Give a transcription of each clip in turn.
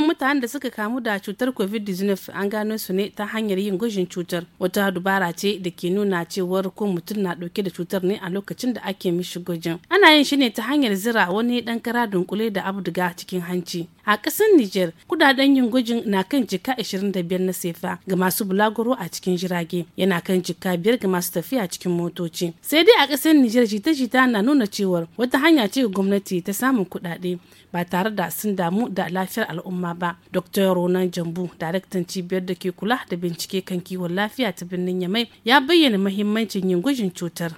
yawan mutanen da suka kamu da cutar covid-19 an gano su ne ta hanyar yin gwajin cutar wata dubara ce da ke nuna cewar ko mutum na dauke da cutar ne a lokacin da ake mishi gwajin ana yin shi ne ta hanyar zira wani dan kara dunkule da abduga cikin hanci a ƙasar Nijar, kudaden yin gwajin na kan jika 25 na sefa ga masu bulaguro a cikin jirage yana kan jika biyar ga masu tafiya cikin motoci sai dai a ƙasar Nijar, jita-jita na nuna cewar wata hanya ce gwamnati ta samun kudade ba tare da sun damu da lafiyar al'umma ba dr ronan jambu daraktan cibiyar da ke kula da bincike kan kiwon lafiya ta birnin yamai ya bayyana mahimmancin yin gwajin cutar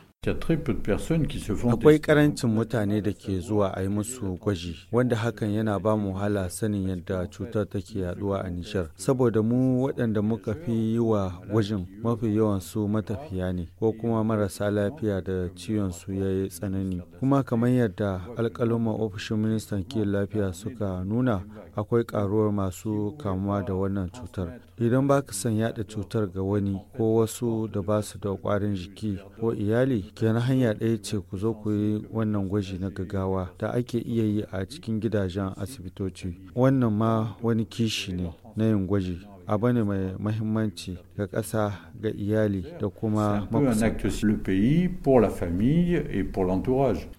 Akwai karancin mutane da ke zuwa a yi musu gwaji, wanda hakan yana ba mu wahala sanin yadda cutar take yaduwa a Nijar. Saboda mu waɗanda muka fi yi wa gwajin mafi yawan su matafiya ne, ko kuma marasa lafiya da ciwon su ya yi tsanani. Kuma kamar yadda alƙaluman ofishin ministan ke lafiya suka nuna, akwai ƙaruwar masu kamuwa da wannan cutar. Idan ba ka son yada cutar ga wani ko wasu da ba su da ƙwarin jiki ko iyali, kenan hanya ɗaya ce ku zo ku yi wannan gwaji na gaggawa da ake iya yi a cikin gidajen asibitoci wannan ma wani kishi ne na yin gwaji abu ne mai mahimmanci ga ƙasa ga iyali da kuma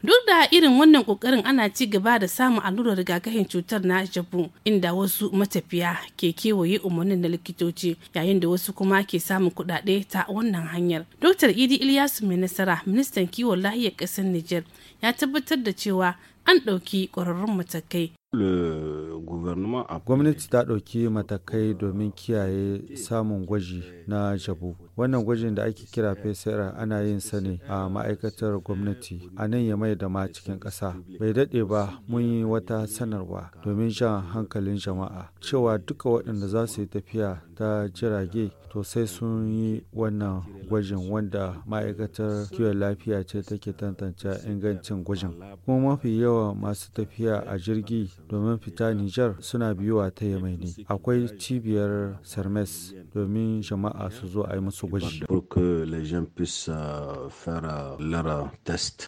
duk da irin wannan kokarin ana ci gaba da samun allurar rigakafin cutar na jabu inda wasu matafiya ke kewaye umarnin na likitoci yayin da wasu kuma ke samun kudade ta wannan hanyar dr idi ilyasu mai nasara ministan kiwon lahiyar ƙasar niger ya tabbatar da cewa an ɗauki ƙwararrun matakai Gwamnati ta ɗauki matakai domin kiyaye samun gwaji na jabu Wannan gwajin da ake kira fesera ana yin sa ne a ma'aikatar gwamnati a nan ya mai da ma cikin ƙasa. Bai daɗe ba mun yi wata sanarwa domin jan hankalin jama'a cewa duka waɗanda za su yi tafiya ta jirage to sai sun yi wannan gwajin wanda ma'aikatar kiwon lafiya ce take tantance ingancin gwajin. Kuma mafi yawa masu tafiya a jirgi domin fita Nijar suna biyuwa ta Yamai ne. Akwai cibiyar Sarmes domin jama'a su zo a yi musu Pour que les gens puissent euh, faire euh, leur euh, test.